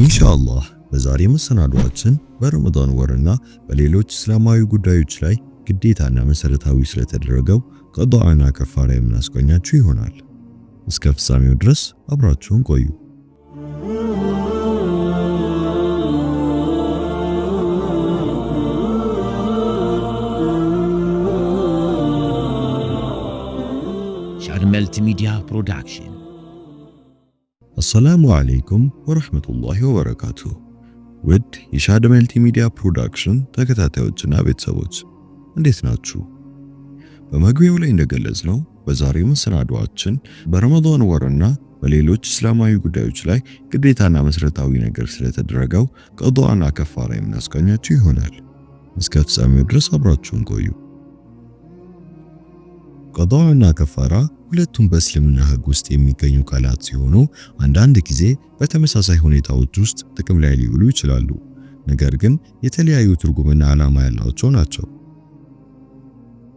ኢንሻአላህ በዛሬ መሰናዷችን በረመዳን ወርና በሌሎች እስላማዊ ጉዳዮች ላይ ግዴታና መሰረታዊ ስለተደረገው ቀዷና ከፋራ የምናስቆኛችሁ ይሆናል። እስከ ፍጻሜው ድረስ አብራችሁን ቆዩ። ሻድ ሚዲያ ፕሮዳክሽን አሰላሙ አለይኩም ወራህመቱላሂ ወበረካቱ። ውድ የሻደ መልቲ ሚዲያ ፕሮዳክሽን ተከታታዮችና ቤተሰቦች እንዴት ናችሁ? በመግቢያው ላይ እንደገለጽነው በዛሬው መሰናዷችን በረመዳን ወርና በሌሎች እስላማዊ ጉዳዮች ላይ ግዴታና መሰረታዊ ነገር ስለተደረገው ቀዷና ከፋራ የምናስቃኛችሁ ይሆናል። እስከ ፍጻሜው ድረስ አብራችሁን ቆዩ። ቀዷእ ከፋራ ሁለቱም በእስልምና ህግ ውስጥ የሚገኙ ቃላት ሲሆኑ አንዳንድ ጊዜ በተመሳሳይ ሁኔታዎች ውስጥ ጥቅም ላይ ሊውሉ ይችላሉ፣ ነገር ግን የተለያዩ ትርጉምና ዓላማ ያላቸው ናቸው።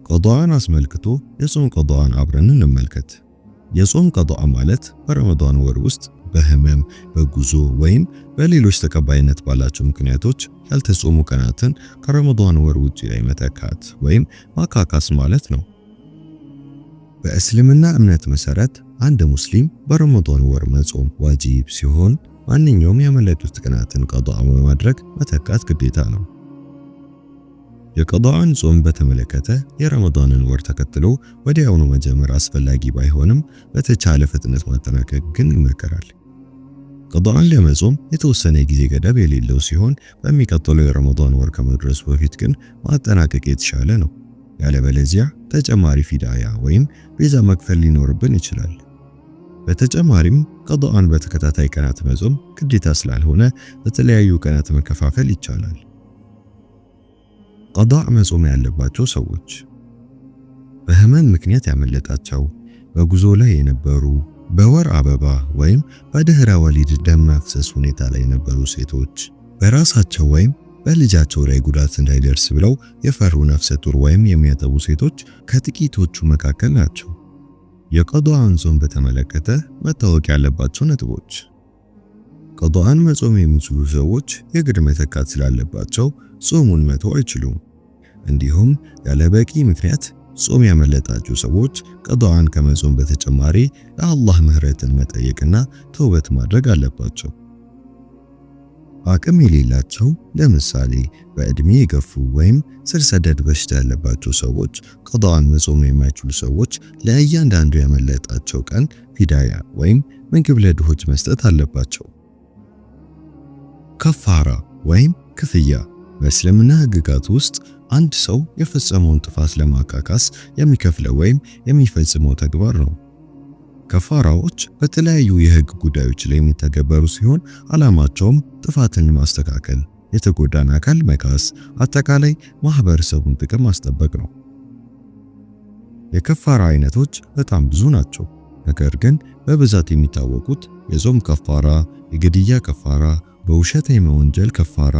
ቀዷእን አስመልክቶ የጾም ቀዷእን አብረን እንመልከት። የጾም ቀዷእ ማለት በረመዳን ወር ውስጥ በህመም በጉዞ ወይም በሌሎች ተቀባይነት ባላቸው ምክንያቶች ያልተጾሙ ቀናትን ከረመዳን ወር ውጪ ላይ መተካት ወይም ማካካስ ማለት ነው። በእስልምና እምነት መሰረት አንድ ሙስሊም በረመዳን ወር መጾም ዋጅብ ሲሆን ማንኛውም ያመለጡት ቀናትን ቀዷ በማድረግ መተካት ግዴታ ነው። የቀዷን ጾም በተመለከተ የረመዳንን ወር ተከትሎ ወዲያውኑ መጀመር አስፈላጊ ባይሆንም በተቻለ ፍጥነት ማጠናቀቅ ግን ይመከራል። ቀዷን ለመጾም የተወሰነ ጊዜ ገደብ የሌለው ሲሆን በሚቀጥለው የረመዳን ወር ከመድረሱ በፊት ግን ማጠናቀቅ የተሻለ ነው። ያለበለዚያ ተጨማሪ ፊዳያ ወይም ቤዛ መክፈል ሊኖርብን ይችላል። በተጨማሪም ቀዶአን በተከታታይ ቀናት መጾም ግዴታ ስላልሆነ በተለያዩ ቀናት መከፋፈል ይቻላል። ቀዷዕ መጾም ያለባቸው ሰዎች በህመም ምክንያት ያመለጣቸው፣ በጉዞ ላይ የነበሩ፣ በወር አበባ ወይም በድህረ ወሊድ ደም መፍሰስ ሁኔታ ላይ የነበሩ ሴቶች በራሳቸው ወይም በልጃቸው ላይ ጉዳት እንዳይደርስ ብለው የፈሩ ነፍሰ ጡር ወይም የሚያጠቡ ሴቶች ከጥቂቶቹ መካከል ናቸው። የቀዷአን ጾም በተመለከተ መታወቅ ያለባቸው ነጥቦች ቀዷአን መጾም የሚችሉ ሰዎች የግድ መተካት ስላለባቸው ጾሙን መተው አይችሉም። እንዲሁም ያለ በቂ ምክንያት ጾም ያመለጣቸው ሰዎች ቀዷአን ከመጾም በተጨማሪ ለአላህ ምህረትን መጠየቅና ተውበት ማድረግ አለባቸው። አቅም የሌላቸው ለምሳሌ በእድሜ የገፉ ወይም ስር ሰደድ በሽታ ያለባቸው ሰዎች፣ ቀዳዋን መጾም የማይችሉ ሰዎች ለእያንዳንዱ ያመለጣቸው ቀን ፊዳያ ወይም ምግብ ለድሆች መስጠት አለባቸው። ከፋራ ወይም ክፍያ በእስልምና ህግጋት ውስጥ አንድ ሰው የፈጸመውን ጥፋት ለማካካስ የሚከፍለው ወይም የሚፈጽመው ተግባር ነው። ከፋራዎች በተለያዩ የህግ ጉዳዮች ላይ የሚተገበሩ ሲሆን ዓላማቸውም ጥፋትን ማስተካከል፣ የተጎዳን አካል መካስ፣ አጠቃላይ ማህበረሰቡን ጥቅም ማስጠበቅ ነው። የከፋራ አይነቶች በጣም ብዙ ናቸው። ነገር ግን በብዛት የሚታወቁት የጾም ከፋራ፣ የግድያ ከፋራ፣ በውሸት የመወንጀል ከፋራ፣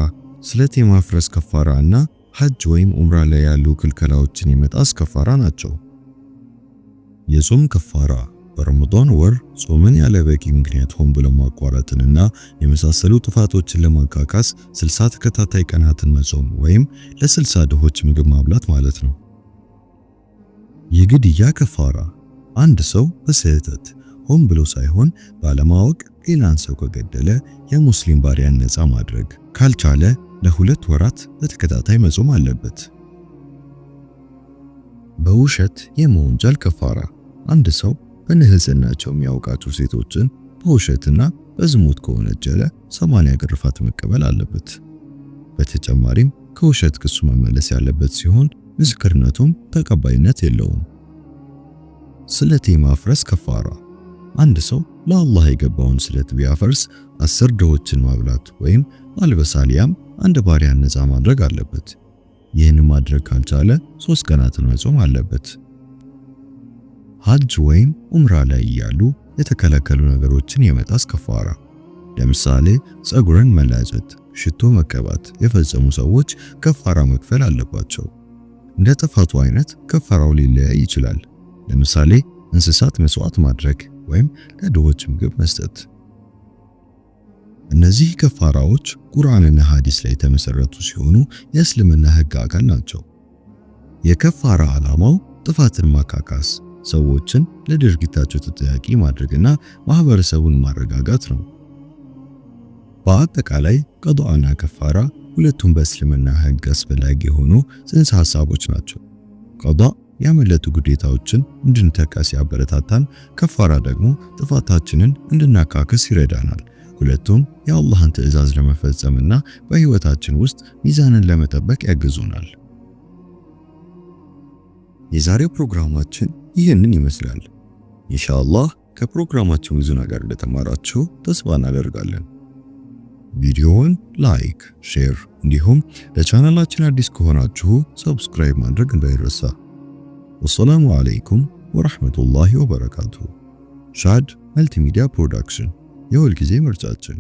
ስለት የማፍረስ ከፋራ እና ሐጅ ወይም ኡምራ ላይ ያሉ ክልከላዎችን የመጣስ ከፋራ ናቸው። የጾም ከፋራ በረመዳን ወር ጾምን ያለ በቂ ምክንያት ሆን ብሎ ማቋረጥንና የመሳሰሉ ጥፋቶችን ለማካካስ 60 ተከታታይ ቀናትን መጾም ወይም ለስልሳ ድሆች ምግብ ማብላት ማለት ነው። የግድያ ከፋራ አንድ ሰው በስህተት ሆን ብሎ ሳይሆን ባለማወቅ ሌላን ሰው ከገደለ የሙስሊም ባሪያን ነፃ ማድረግ ካልቻለ ለሁለት ወራት በተከታታይ መጾም አለበት። በውሸት የመወንጀል ከፋራ አንድ ሰው በንህፅናቸው የሚያውቃቸው ሴቶችን በውሸትና በዝሙት ከወነጀለ 80 ግርፋት መቀበል አለበት። በተጨማሪም ከውሸት ክሱ መመለስ ያለበት ሲሆን ምስክርነቱም ተቀባይነት የለውም። ስለቴ ማፍረስ ከፋራ አንድ ሰው ለአላህ የገባውን ስለት ቢያፈርስ አስር ድሆችን ማብላት ወይም አልበሳሊያም አንድ ባሪያን ነፃ ማድረግ አለበት። ይህን ማድረግ ካልቻለ ሶስት ቀናትን መጾም አለበት። ሀጅ ወይም ኡምራ ላይ እያሉ የተከለከሉ ነገሮችን የመጣስ ከፋራ፣ ለምሳሌ ፀጉርን መላጨት፣ ሽቶ መቀባት የፈጸሙ ሰዎች ከፋራ መክፈል አለባቸው። እንደ ጥፋቱ አይነት ከፋራው ሊለያይ ይችላል። ለምሳሌ እንስሳት መስዋዕት ማድረግ ወይም ለድሆች ምግብ መስጠት። እነዚህ ከፋራዎች ቁርአንና ሐዲስ ላይ የተመሰረቱ ሲሆኑ የእስልምና ሕግ አካል ናቸው። የከፋራ ዓላማው ጥፋትን ማካካስ ሰዎችን ለድርጊታቸው ተጠያቂ ማድረግና ማህበረሰቡን ማረጋጋት ነው። በአጠቃላይ ቀዷአና ከፋራ ሁለቱም በእስልምና ህግ አስፈላጊ የሆኑ ጽንሰ ሐሳቦች ናቸው። ቀዷ ያመለጡ ግዴታዎችን እንድንተካ ሲያበረታታን፣ ከፋራ ደግሞ ጥፋታችንን እንድናካክስ ይረዳናል። ሁለቱም የአላህን ትዕዛዝ ለመፈጸምና በሕይወታችን ውስጥ ሚዛንን ለመጠበቅ ያግዙናል። የዛሬው ፕሮግራማችን ይህንን ይመስላል። ኢንሻአላህ ከፕሮግራማችን ብዙ ነገር እንደተማራችሁ ተስፋ እናደርጋለን። ቪዲዮውን ላይክ፣ ሼር እንዲሁም ለቻናላችን አዲስ ከሆናችሁ ሰብስክራይብ ማድረግ እንዳይረሳ። ወሰላሙ አለይኩም ወራህመቱላሂ ወበረካቱ። ሻድ መልቲሚዲያ ፕሮዳክሽን የሁልጊዜ ምርጫችን